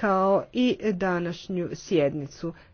kao i današnju sjednicu.